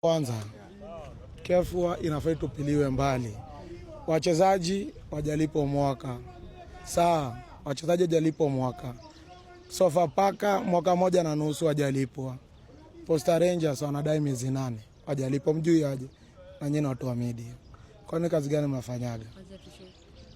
Kwanza kefua inafai tupiliwe mbali, wachezaji wajalipo mwaka saa, wachezaji wajalipo mwaka Sofapaka mwaka moja na nusu wajalipwa, Posta Rangers wanadai miezi nane wajalipo, mjui aje na nyinyi watu wa media, kwani kazi gani mnafanyaga?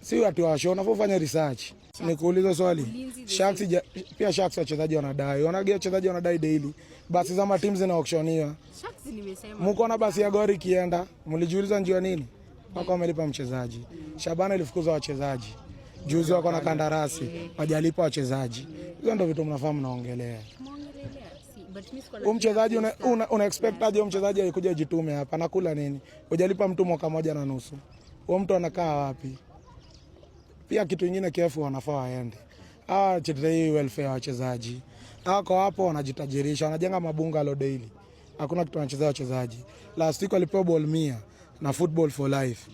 si ati washona show, fanya research. Nikuulize swali, Sharks ja, pia Sharks wachezaji wanadai, wanagia wachezaji wanadai daily, basi za timu zinaauctioniwa. Sharks nimesema mko na basi ya gori kienda, mlijiuliza njia nini mpaka wamelipa mchezaji? Shabana ilifukuza wachezaji juzi, wako na kandarasi wajalipa wachezaji. Hizo ndio vitu mnafahamu, mnaongelea mchezaji una una, una expect aje? Mchezaji alikuja jitume hapa, nakula nini? Hujalipa mtu mwaka moja na nusu, huo mtu anakaa wapi? Pia kitu kingine KF wanafaa waende ah, hii welfare ya wachezaji ako hapo, wanajitajirisha wanajenga mabunga lo daily, hakuna kitu wanachezea wachezaji. Last week walipewa ball mia na football for life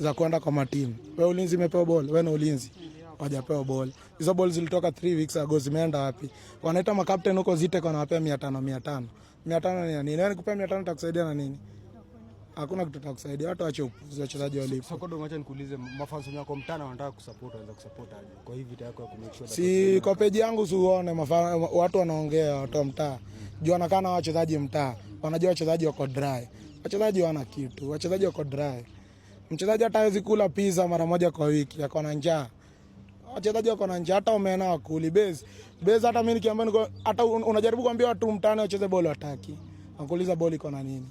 za kwenda kwa matimu. We ulinzi imepewa ball, we na ulinzi wajapewa ball. Hizo ball zilitoka 3 weeks ago zimeenda wapi? Wanaita makapteni huko zite kwa wanawapea 500 500. 500 ni nini? Wewe nikupea yaani 500 takusaidia na nini? hakuna kitu takusaidia, watu wache upuzi, wachezaji walipo. Sokodo, acha nikuulize, mafans wako mtana wanataka kusupport, wanaweza kusupport aje? Kwa hii vita yako ya kumake sure, si kwa peji yangu usione watu wanaongea, watu wa mtaa juu wanakaa na wachezaji mtaa, wanajua wachezaji wako dry, wachezaji wana kitu, wachezaji wako dry. Mchezaji hata hawezi kula pizza mara moja kwa wiki, ako na njaa. Wachezaji wako na njaa, hata omena wakuli base base. Hata mimi nikiambia, hata unajaribu kuambia watu mtaani wacheze boli, wataki, nakuuliza boli iko na nini?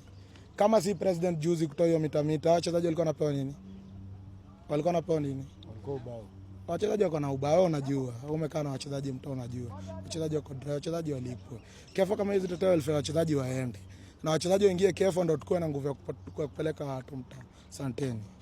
Kama si president juzi kutoa hiyo mita mita, wachezaji walikuwa wanapewa nini? Walikuwa wanapewa nini? Wachezaji wako na ubao, unajua. Umekaa na wachezaji mtao, unajua. Wachezaji wako dry, wachezaji walipwe. kefo kama hizi tutoe elfu wachezaji waende. Na wachezaji waingie kefo ndio tukue na nguvu ya kupeleka watu mtaa. santeni